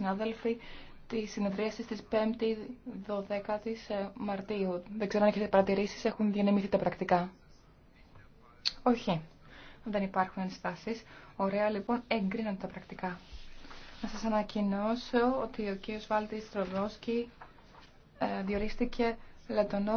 συνάδελφοι, τη συνεδρίαση της 5η 12ης ε, Μαρτίου. Δεν ξέρω αν έχετε παρατηρήσεις, έχουν διανεμηθεί τα πρακτικά. Όχι. Δεν υπάρχουν ενστάσει. Ωραία, λοιπόν, έγκριναν τα πρακτικά. Να σα ανακοινώσω ότι ο κ. Βάλτης ε, διορίστηκε λετωνό